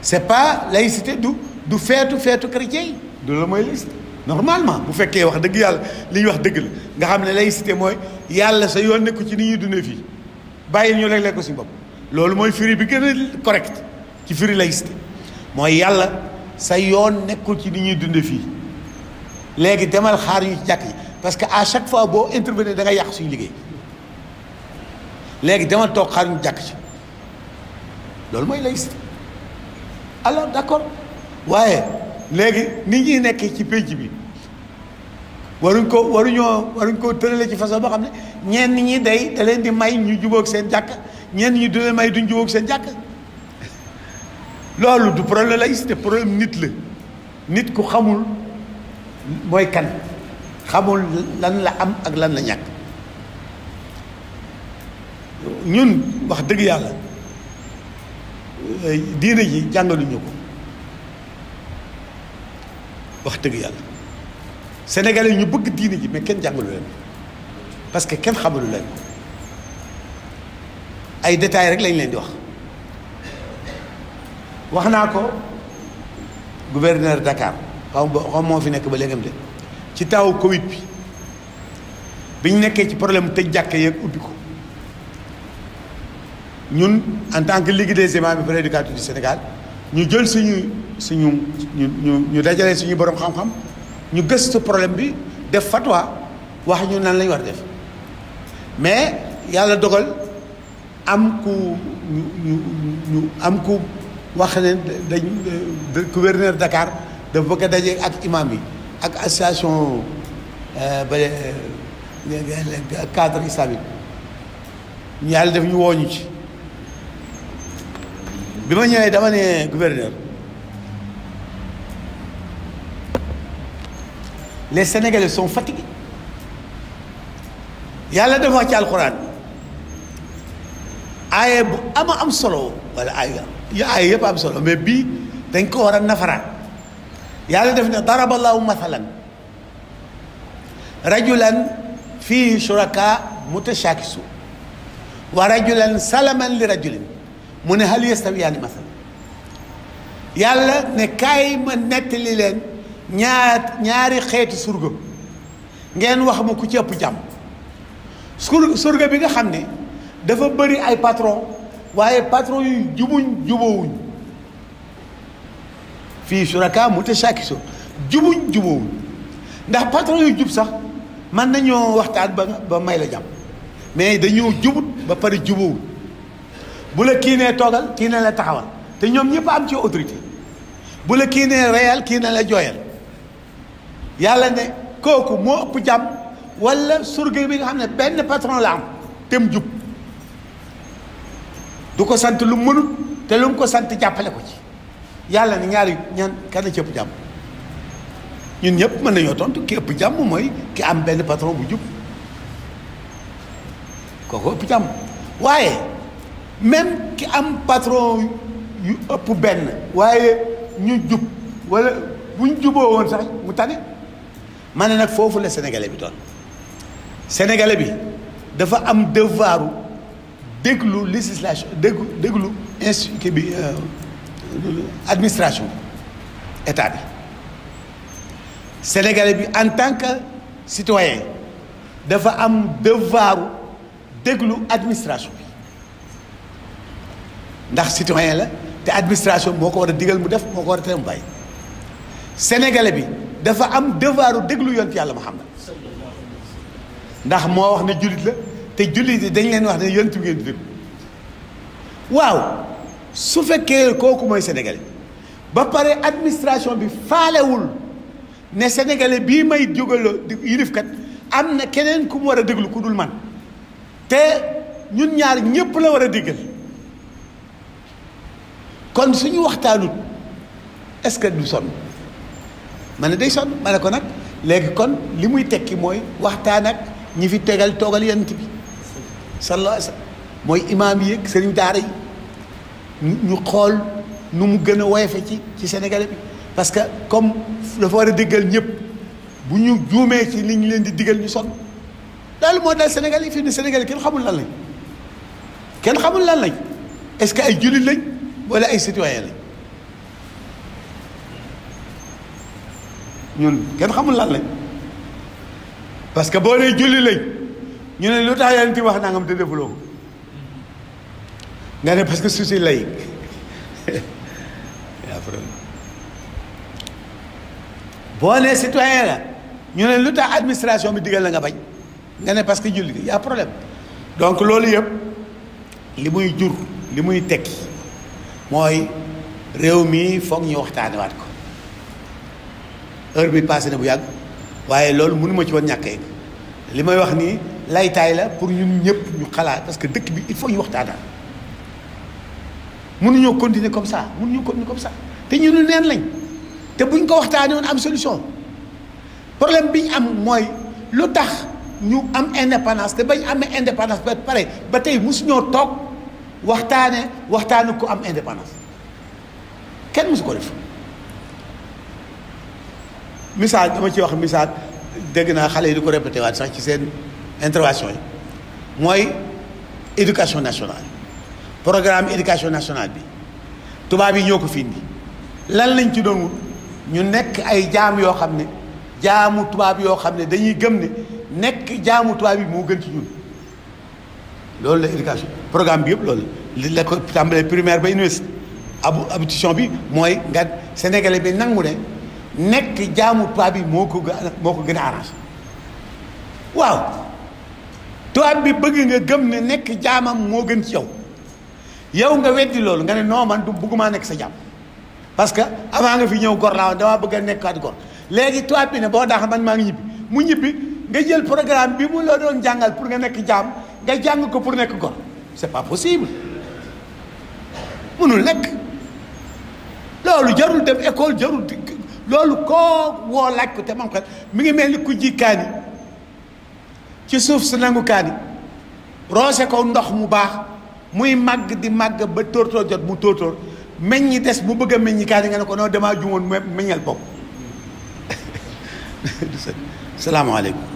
c'est pas laïcité du du feetu feetu chrétien yi du la mooy laïcité normalement bu fekkee wax dëgg yàlla li wax dëgg la nga xam ne laïcité mooy yàlla sa yoon nekku ci ni ñuy dundee fii bàyyi ñu régler ko suñu bopp loolu mooy firi bi gën a ci firi laïcité mooy yàlla sa yoon nekkul ci ni ñuy dundee fii léegi demal xaar yu ci jàkk yi parce que à chaque fois boo intervenir da nga yàq suñu liggéey léegi dama toog xaar jàkk ci loolu mooy laïcité alors d'accord waaye léegi nit ñi nekk ci pénc bi waruñ ko waruñoo waruñ koo tërale ci façon boo xam ne ñenn ñi day te leen di may ñu jubóog seen jàkk ñenn ñi du leen may duñ jubóog seen jàkk loolu du problème laïcité problème nit la nit ku xamul mooy kan xamul lan la am ak lan la ñàkk ñun wax dëgg yàlla eh, diine ji jàngaluñu ko wax dëgg yàlla sénégalais ñu bëgg diine ji mais kenn jàngalu leen parce que kenn xamalu leen ay détails rek lañ leen di wax wax naa ko gouverneur Dakar xaw ma moo fi nekk ba léegam de ci taawu Covid bi bi ñu nekkee ci problème tëj jàkke yeeg ubbi ko ñun en tant que ligue des imams et prédicateurs du Sénégal ñu jël suñu suñu ñu ñu ñu dajale suñu borom xam-xam ñu gëstu problème bi def fatwa wax ñu nan la war a def mais yàlla dogal am ku ñu ñu am ku wax ne dañ euh, gouverneur Dakar dafa bëgg a daje ak imam yi. ak association euh, bale cadre islamique ñu yàlla def ñu wooñu ci bi ma ñëwee dama ne gouverneur les sénégalais sont fatigués yàlla dafa ci alxuraan aaye bu ama am solo wala ay ya aaye yëpp am solo mais bii dañ ko war a nafaraan yàlla def ne daraba laahu mathalan rajulan fii shuraka mutashakisu wa rajulan salaman li rajulin mu ne hal yastawiyaani mathalan yàlla ne kaay ma nettali leen ñaat ñaari xeeti surga ngeen wax ma ku ci jàmm sur surga bi nga xam ne dafa bari ay patron waaye patron yu jubuñ jubowuñ fii suraka mu te shakiso jubuñ jubóowuñ ndax patron yu jub sax man nañoo waxtaan ba ba may la jàpp mais dañoo jubut ba pare jubóowuñ bu la kii nee toogal kii ne la taxawal te ñoom ñëpp am ci autorité bu la kii nee reyal kii ne la jooyal yàlla ne kooku moo ëpp jàmm wala surga bi nga xam ne benn patron la am te mu jub du ko sant lu mënut te lu mu ko sant jàppale ko ci yàlla ne ñaari ñaan kan ci ëpp jàmm ñun ñëpp mën nañoo tontu ki ëpp jàmm mooy ki am benn patron bu jub kooku ëpp jàmm waaye même ki am patron yu ëpp benn waaye ñu jub walla buñ juboo woon sax bu tane ma ne nag foofu la sénégalais bi doon sénégalais bi dafa am devoiru déglu législation déglu déglu institut bi euh, administration état bi sénégalais bi en tant que citoyen dafa am devoiru déglu administration bi ndax citoyen la te administration moo ko war a digal mu def moo ko war a tere mu bàyyi sénégalais bi dafa am devoiru déglu yonent yàlla Muhammad ndax moo wax ne jullit la te jullit yi dañ leen wax ne yonent bi ngeen di déglu waaw su fekkee kooku mooy sénégalais ba pare administration bi faalewul ne sénégalais bii may jógala yilifkat am na keneen ku mu war a déglu ku dul man te ñun ñaar ñépp la war a déggal kon suñu waxtaanut est-ce que du sonn ma ne day sonn ma ko nag léegi kon li muy tekki mooy waxtaan ak ñi fi tegal toogal yant bi sallallahu alayhi wa sallam mooy imaam yi ak sëriñ daara yi ñu xool nu mu gën a woyefe ci ci Sénégalais bi parce que comme dafa war a déggal ñëpp bu ñu juumee ci li ñu leen di digal ñu sonn loolu moo dal Sénégal yi fii ne Sénégal yi kenn xamul lan lañ kenn xamul lan lañ est-ce que ay jullit lañ wala ay citoyen ñun kenn xamul lan lañ parce que boo nee julli lañ ñu ne loo tax yéen di wax nangam te defuloo ko nga ne parce que su si laïc boo nee citoyen la ñu ne lu tax administration bi digal la nga bañ nga ne parce que jullit yi problème donc loolu yëpp li muy jur li muy tekki mooy réew mi foog ñu waxtaane waat ko heure bi passé na bu yàgg waaye loolu mënu ma ci woon ñàkkee li may wax nii laytaay la pour ñun ñëpp ñu xalaat parce que dëkk bi il faut ñu waxtaanal. mënuñoo continuer comme ça mënuñu continuer comme ça te ñu nu neen lañ te bu buñ ko waxtaanee woon am solution problème bi ñu am mooy lu tax ñu am indépendance te bañ amee indépendance ba pare ba tey su mosuñoo toog waxtaanee waxtaanu ko am indépendance kenn mosu ko def misaal dama ci wax misaal dégg naa xale yi di ko répété waat sax ci seen intervention yi mooy éducation nationale programme éducation nationale bi tubaab yi ñoo ko fi indi lan lañ ci doon ñu nekk ay jaam yoo xam ne jaamu tubaab yoo xam ne dañuy gëm ne nekk jaamu tubaab yi moo gën ci ñun loolu la programme bi yëpp loolu li la ko tàmbalee primaire ba université abu abitution bi mooy nga sénégalais bi nangu nekk jaamu tubaab yi moo ko ko gën a arrangé waaw tubaab bi bëgg nga gëm ne nekk jaamam moo gën ci yow yow nga weddi loolu nga ne nooman man du bëggumaa nekk sa jàmm parce que avant nga fi ñëw gor laa damaa bëgg a nekkaat gor léegi toi bi ne boo daax man maa ngi ñibbi mu ñibbi nga jël programme bi mu la doon jàngal pour nga nekk jaam nga jàng ko pour nekk gor c'est pas possible mënul nekk loolu jarul dem école jarul loolu koo woo laaj ko te moom xel mi ngi mel ni ku ji kaani ci suuf si nangu kaani roose ko ndox mu baax muy màgg di màgg ba tóortóor jot mu tóortóor meññi des mu bëgg a meññi kaani nga ne ko non damaa jumoon meññal bopp salaamaaleykum